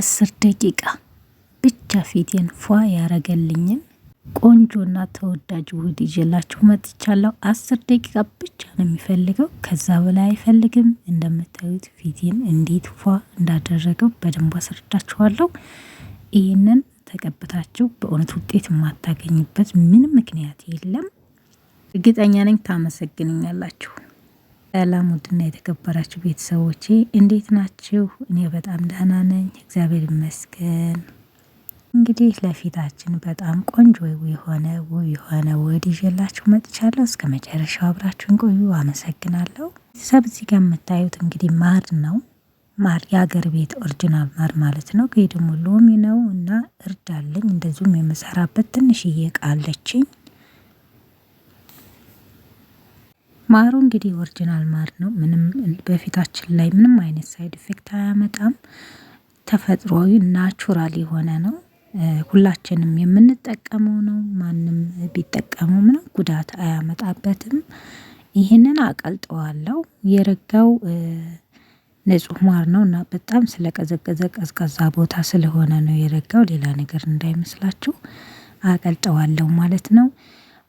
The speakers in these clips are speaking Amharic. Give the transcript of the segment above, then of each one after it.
አስር ደቂቃ ብቻ ፊቴን ፏ ያረገልኝን ቆንጆና ተወዳጅ ውህድ ይዤላችሁ መጥቻለሁ። አስር ደቂቃ ብቻ ነው የሚፈልገው፣ ከዛ በላይ አይፈልግም። እንደምታዩት ፊቴን እንዴት ፏ እንዳደረገው በደንብ አስረዳችኋለሁ። ይህንን ተቀብታችሁ በእውነት ውጤት የማታገኙበት ምንም ምክንያት የለም። እርግጠኛ ነኝ ታመሰግንኛላችሁ። ሰላም ውድና የተከበራችሁ ቤተሰቦቼ እንዴት ናችሁ? እኔ በጣም ደህና ነኝ፣ እግዚአብሔር ይመስገን። እንግዲህ ለፊታችን በጣም ቆንጆ የሆነ ውብ የሆነ ውህድ ይዤላችሁ መጥቻለሁ። እስከ መጨረሻው አብራችሁን ቆዩ። አመሰግናለሁ። ቤተሰብ እዚህ ጋር የምታዩት እንግዲህ ማር ነው። ማር የሀገር ቤት ኦሪጂናል ማር ማለት ነው። ይህ ደግሞ ሎሚ ነው እና እርድ አለኝ። እንደዚሁም የምሰራበት ትንሽ እየቃለችኝ ማሩ እንግዲህ ኦሪጂናል ማር ነው። ምንም በፊታችን ላይ ምንም አይነት ሳይድ ኢፌክት አያመጣም። ተፈጥሯዊ ናቹራል የሆነ ነው። ሁላችንም የምንጠቀመው ነው። ማንም ቢጠቀመው ምንም ጉዳት አያመጣበትም። ይህንን አቀልጠዋለው የረጋው ንጹህ ማር ነው እና በጣም ስለቀዘቀዘ ቀዝቃዛ ቦታ ስለሆነ ነው የረጋው። ሌላ ነገር እንዳይመስላችሁ አቀልጠዋለሁ ማለት ነው።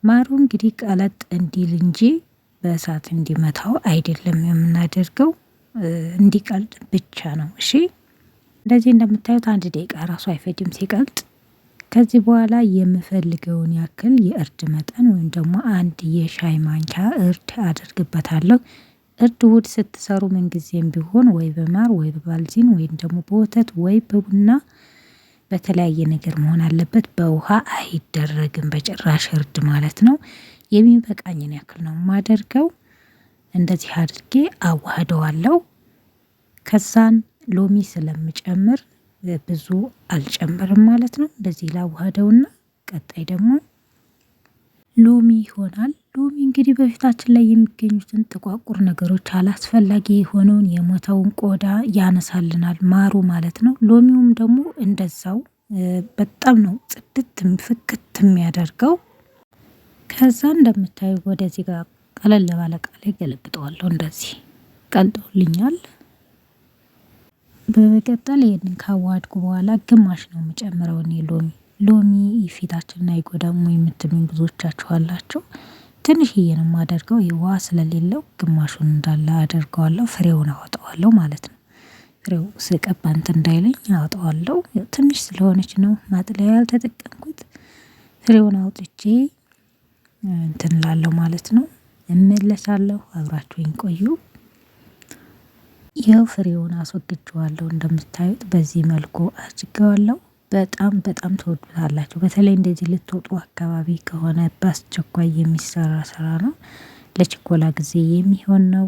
ማሩ እንግዲህ ቀለጥ እንዲል እንጂ በእሳት እንዲመታው አይደለም የምናደርገው፣ እንዲቀልጥ ብቻ ነው። እሺ እንደዚህ እንደምታዩት አንድ ደቂቃ ራሱ አይፈጅም ሲቀልጥ። ከዚህ በኋላ የምፈልገውን ያክል የእርድ መጠን ወይም ደግሞ አንድ የሻይ ማንኪያ እርድ አደርግበታለሁ። እርድ ውድ ስትሰሩ ምንጊዜም ቢሆን ወይ በማር ወይ በባልዚን ወይም ደግሞ በወተት ወይ በቡና በተለያየ ነገር መሆን አለበት። በውሃ አይደረግም በጭራሽ እርድ ማለት ነው። የሚበቃኝን ያክል ነው የማደርገው። እንደዚህ አድርጌ አዋህደዋለሁ። ከዛን ሎሚ ስለምጨምር ብዙ አልጨምርም ማለት ነው። እንደዚህ ላዋህደውና ቀጣይ ደግሞ ሎሚ ይሆናል። ሎሚ እንግዲህ በፊታችን ላይ የሚገኙትን ጥቋቁር ነገሮች አላስፈላጊ የሆነውን የሞተውን ቆዳ ያነሳልናል ማሩ ማለት ነው። ሎሚውም ደግሞ እንደዛው በጣም ነው ጽድት ፍክት የሚያደርገው። ከዛ እንደምታዩ ወደዚህ ጋር ቀለል ባለ ቃል ገለብጠዋለሁ። እንደዚህ ቀልጦልኛል። በመቀጠል ይህንን ካዋድኩ በኋላ ግማሽ ነው የምጨምረው እኔ ሎሚ ሎሚ ፊታችንን አይጎዳም ወይ የምትሉኝ ብዙዎቻችሁ አላችሁ። ትንሽዬ ነው የማደርገው። ውሃ ስለሌለው ግማሹን እንዳለ አደርገዋለሁ። ፍሬውን አወጣዋለሁ ማለት ነው። ፍሬው ስቀባ እንትን እንዳይለኝ አወጣዋለሁ። ትንሽ ስለሆነች ነው ማጥለያ ያልተጠቀምኩት። ፍሬውን አውጥቼ እንትን ማለት ነው። እመለሳለሁ አብራችሁኝ ቆዩ። ይኸው ፍሬውን አስወግጄዋለሁ እንደምታዩት በዚህ መልኩ አድርገዋለሁ። በጣም በጣም ትወዱታላችሁ። በተለይ እንደዚህ ልትወጡ አካባቢ ከሆነ በአስቸኳይ የሚሰራ ስራ ነው። ለችኮላ ጊዜ የሚሆን ነው።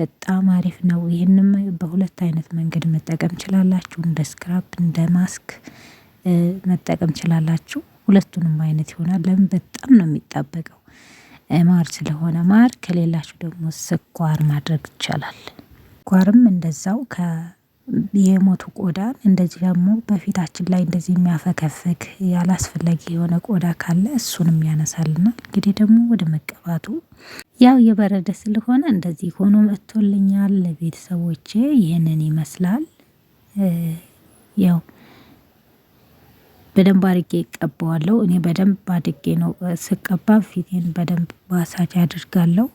በጣም አሪፍ ነው። ይህንም በሁለት አይነት መንገድ መጠቀም ችላላችሁ። እንደ ስክራፕ እንደ ማስክ መጠቀም ችላላችሁ ሁለቱንም አይነት ይሆናል። ለምን በጣም ነው የሚጣበቀው። ማር ስለሆነ ማር ከሌላችሁ ደግሞ ስኳር ማድረግ ይቻላል። ስኳርም እንደዛው የሞቱ ቆዳን እንደዚህ ደግሞ በፊታችን ላይ እንደዚህ የሚያፈከፍክ ያላስፈላጊ የሆነ ቆዳ ካለ እሱንም ያነሳልናል። እንግዲህ ደግሞ ወደ መቀባቱ ያው የበረደ ስለሆነ እንደዚህ ሆኖ መጥቶልኛል። ለቤተሰቦቼ ይህንን ይመስላል። ያው በደንብ አድርጌ እቀባዋለሁ። እኔ በደንብ አድርጌ ነው ስቀባ ፊቴን በደንብ ማሳጅ አድርጋለሁ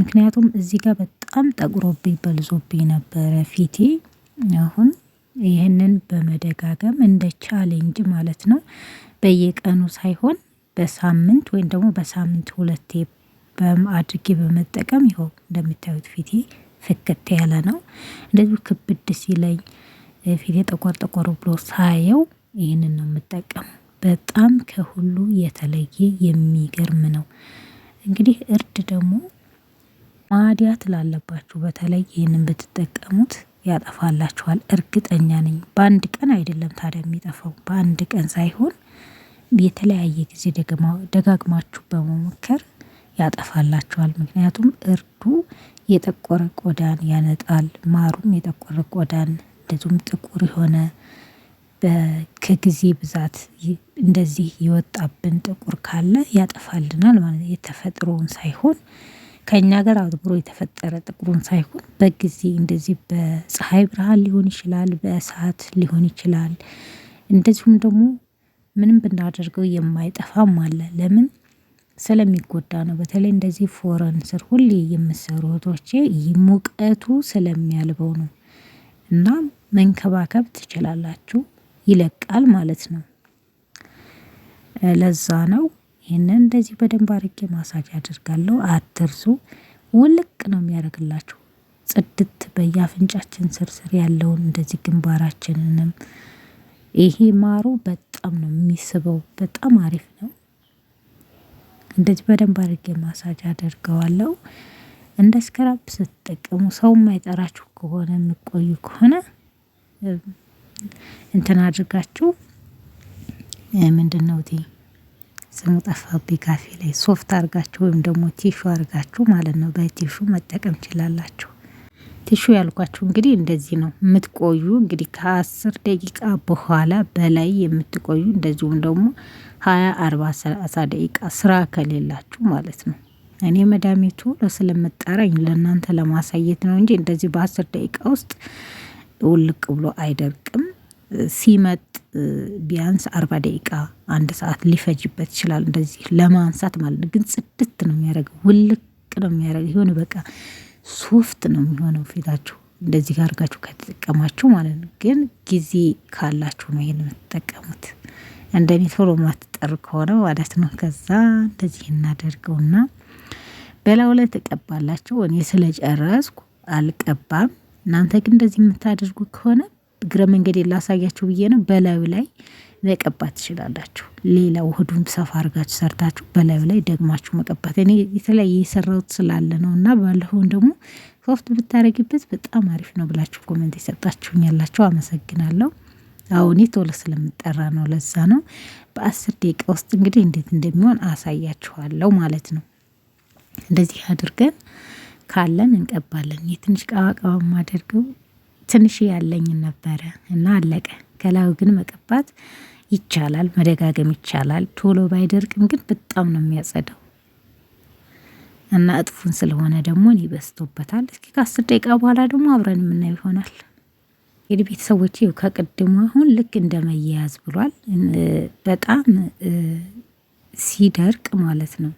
ምክንያቱም እዚህ ጋር በጣም ጠቁሮብኝ በልዞብኝ ነበረ ፊቴ አሁን ይህንን በመደጋገም እንደ ቻሌንጅ ማለት ነው። በየቀኑ ሳይሆን በሳምንት ወይም ደግሞ በሳምንት ሁለቴ አድርጌ በመጠቀም ይኸው እንደምታዩት ፊቴ ፍክት ያለ ነው። እንደዚሁ ክብድ ሲለኝ ፊቴ ጠቆር ጠቆር ብሎ ሳየው ይህንን ነው የምጠቀመው። በጣም ከሁሉ የተለየ የሚገርም ነው። እንግዲህ እርድ ደግሞ ማዲያት ላለባችሁ በተለይ ይህንን ብትጠቀሙት ያጠፋላችኋል። እርግጠኛ ነኝ። በአንድ ቀን አይደለም ታዲያ የሚጠፋው፣ በአንድ ቀን ሳይሆን የተለያየ ጊዜ ደጋግማችሁ በመሞከር ያጠፋላችኋል። ምክንያቱም እርዱ የጠቆረ ቆዳን ያነጣል፣ ማሩም የጠቆረ ቆዳን እንደዚሁም ጥቁር የሆነ ከጊዜ ብዛት እንደዚህ የወጣብን ጥቁር ካለ ያጠፋልናል ማለት የተፈጥሮውን ሳይሆን ከእኛ ጋር አብሮ የተፈጠረ ጥቁሩን ሳይሆን በጊዜ እንደዚህ በፀሀይ ብርሃን ሊሆን ይችላል በእሳት ሊሆን ይችላል። እንደዚሁም ደግሞ ምንም ብናደርገው የማይጠፋም አለ ለምን? ስለሚጎዳ ነው በተለይ እንደዚህ ፎረን ስር ሁሌ የምሰሩ እህቶቼ ሙቀቱ ስለሚያልበው ነው። እና መንከባከብ ትችላላችሁ ይለቃል ማለት ነው። ለዛ ነው ይህንን እንደዚህ በደንብ አርጌ ማሳጅ አድርጋለሁ። አትርሱ፣ ውልቅ ነው የሚያደርግላችሁ። ጽድት በየአፍንጫችን ስርስር ያለውን እንደዚህ ግንባራችንንም ይሄ ማሩ በጣም ነው የሚስበው። በጣም አሪፍ ነው። እንደዚህ በደንብ አርጌ ማሳጅ አድርገዋለሁ። እንደ ስክራፕ ስትጠቀሙ ሰው የማይጠራችሁ ከሆነ የምቆዩ ከሆነ እንትን አድርጋችሁ ምንድነው ስሙ ጠፋብኝ ካፌ ላይ ሶፍት አርጋችሁ ወይም ደግሞ ቲሹ አርጋችሁ ማለት ነው በቲሹ መጠቀም ችላላችሁ። ቲሹ ያልኳችሁ እንግዲህ እንደዚህ ነው የምትቆዩ እንግዲህ ከአስር ደቂቃ በኋላ በላይ የምትቆዩ እንደዚሁም ደግሞ ሀያ አርባ ሰላሳ ደቂቃ ስራ ከሌላችሁ ማለት ነው። እኔ መዳሜቱ ስለምጠራኝ ለእናንተ ለማሳየት ነው እንጂ እንደዚህ በአስር ደቂቃ ውስጥ ውልቅ ብሎ አይደርቅም። ሲመጥ ቢያንስ አርባ ደቂቃ አንድ ሰዓት ሊፈጅበት ይችላል። እንደዚህ ለማንሳት ማለት ነው። ግን ጽድት ነው የሚያደርገው፣ ውልቅ ነው የሚያደርገው። የሆነ በቃ ሶፍት ነው የሚሆነው ፊታችሁ እንደዚህ አድርጋችሁ ከተጠቀማችሁ ማለት ነው። ግን ጊዜ ካላችሁ ነው ይሄን የምትጠቀሙት። እንደኔ ቶሎ ማትጠር ከሆነ ማለት ነው። ከዛ እንደዚህ እናደርገውና በላዩ ላይ ተቀባላችሁ። እኔ ስለጨረስኩ አልቀባም። እናንተ ግን እንደዚህ የምታደርጉ ከሆነ እግረ መንገድ ላሳያችሁ ብዬ ነው። በላዩ ላይ መቀባት ትችላላችሁ። ሌላ ውህዱን ሰፋ አርጋችሁ ሰርታችሁ በላዩ ላይ ደግማችሁ መቀባት። እኔ የተለያየ የሰራሁት ስላለ ነው እና ባለፈውን ደግሞ ሶፍት ብታረጊበት በጣም አሪፍ ነው ብላችሁ ኮሜንት የሰጣችሁኝ ያላችሁ አመሰግናለሁ። አዎ እኔ ቶሎ ስለምጠራ ነው ለዛ ነው። በአስር ደቂቃ ውስጥ እንግዲህ እንዴት እንደሚሆን አሳያችኋለሁ ማለት ነው። እንደዚህ አድርገን ካለን እንቀባለን። የትንሽ ቀባ ማደርገው ትንሽ ያለኝን ነበረ እና አለቀ። ከላዩ ግን መቀባት ይቻላል፣ መደጋገም ይቻላል። ቶሎ ባይደርቅም ግን በጣም ነው የሚያጸዳው እና እጥፉን ስለሆነ ደግሞ እኔ በስቶበታል። እስኪ ከአስር ደቂቃ በኋላ ደግሞ አብረን የምናየው ይሆናል። እንግዲህ ቤተሰቦች ይኸው ከቅድሙ አሁን ልክ እንደ መያያዝ ብሏል። በጣም ሲደርቅ ማለት ነው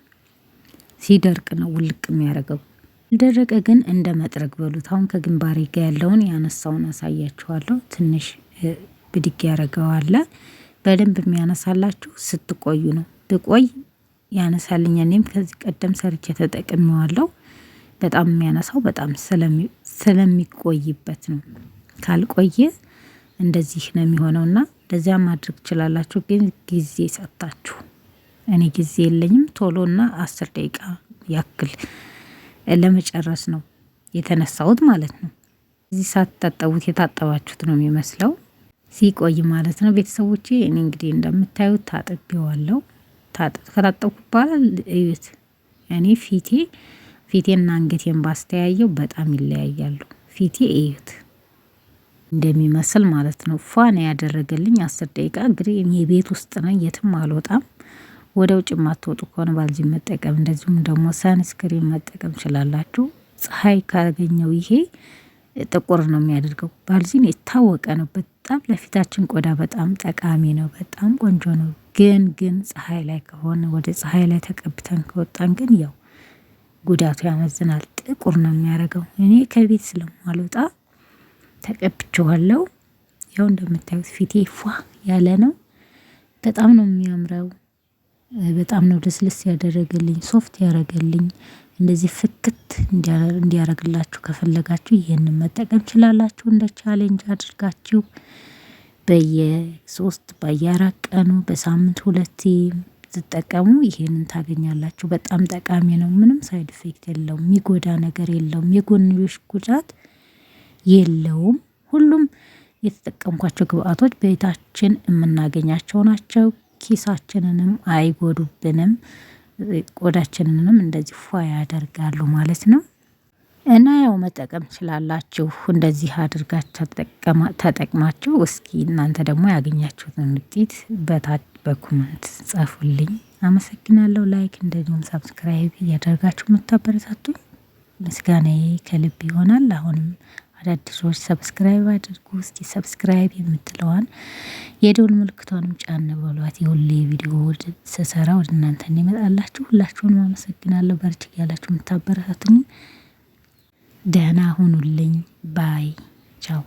ሲደርቅ ነው ውልቅ የሚያደርገው። ደረቀ ግን እንደ መጥረግ በሉት። አሁን ከግንባሬ ጋ ያለውን ያነሳውን አሳያችኋለሁ። ትንሽ ብድግ ያደረገዋለ። በደንብ የሚያነሳላችሁ ስትቆዩ ነው። ብቆይ ያነሳልኝ። እኔም ከዚህ ቀደም ሰርቼ ተጠቅሜዋለሁ። በጣም የሚያነሳው በጣም ስለሚቆይበት ነው። ካልቆየ እንደዚህ ነው የሚሆነው እና እንደዚያ ማድረግ ትችላላችሁ። ግን ጊዜ ሰጥታችሁ እኔ ጊዜ የለኝም ቶሎና አስር ደቂቃ ያክል ለመጨረስ ነው የተነሳሁት ማለት ነው። እዚህ ሳትታጠቡት የታጠባችሁት ነው የሚመስለው ሲቆይ ማለት ነው። ቤተሰቦቼ እኔ እንግዲህ እንደምታዩት ታጥቤዋለሁ። ከታጠብኩ በኋላ እዩት። እኔ ፊቴ ፊቴና አንገቴን ባስተያየው በጣም ይለያያሉ። ፊቴ እዩት እንደሚመስል ማለት ነው። ፏን ያደረገልኝ አስር ደቂቃ። እንግዲህ የቤት ውስጥ ነኝ፣ የትም አልወጣም። ወደ ውጭ የማትወጡ ከሆነ ባልዚን መጠቀም እንደዚሁም ደግሞ ሳንስክሪን መጠቀም ትችላላችሁ። ፀሐይ ካገኘው ይሄ ጥቁር ነው የሚያደርገው። ባልዚን የታወቀ ነው። በጣም ለፊታችን ቆዳ በጣም ጠቃሚ ነው። በጣም ቆንጆ ነው። ግን ግን ፀሐይ ላይ ከሆነ ወደ ፀሐይ ላይ ተቀብተን ከወጣን ግን ያው ጉዳቱ ያመዝናል። ጥቁር ነው የሚያደርገው። እኔ ከቤት ስለማልወጣ ተቀብቼዋለሁ። ያው እንደምታዩት ፊቴ ፏ ያለ ነው። በጣም ነው የሚያምረው። በጣም ነው ልስልስ ያደረገልኝ ሶፍት ያደረገልኝ። እንደዚህ ፍክት እንዲያደርግላችሁ ከፈለጋችሁ ይህንን መጠቀም ችላላችሁ። እንደ ቻሌንጅ አድርጋችሁ በየሶስት በየአራት ቀኑ በሳምንት ሁለቴ ስትጠቀሙ ይሄንን ታገኛላችሁ። በጣም ጠቃሚ ነው። ምንም ሳይድ ኢፌክት የለውም የሚጎዳ ነገር የለውም የጎንዮሽ ጉዳት የለውም። ሁሉም የተጠቀምኳቸው ግብአቶች ቤታችን የምናገኛቸው ናቸው ኪሳችንንም አይጎዱብንም። ቆዳችንንም እንደዚህ ፏ ያደርጋሉ ማለት ነው። እና ያው መጠቀም ችላላችሁ እንደዚህ አድርጋችሁ ተጠቅማችሁ እስኪ እናንተ ደግሞ ያገኛችሁትን ውጤት በታች በኮመንት ጻፉልኝ። አመሰግናለሁ። ላይክ እንደዚሁም ሳብስክራይብ እያደረጋችሁ የምታበረታቱኝ ምስጋናዬ ከልብ ይሆናል። አሁንም አዳዲሶች ሰብስክራይብ አድርጉ። እስኪ ሰብስክራይብ የምትለዋን የደውል ምልክቷንም ጫን በሏት። የሁሌ ቪዲዮ ስሰራ ወደ እናንተ እንዲመጣላችሁ ሁላችሁንም አመሰግናለሁ። በርች እያላችሁ የምታበረታትኝ ደህና ሁኑልኝ። ባይ ቻው።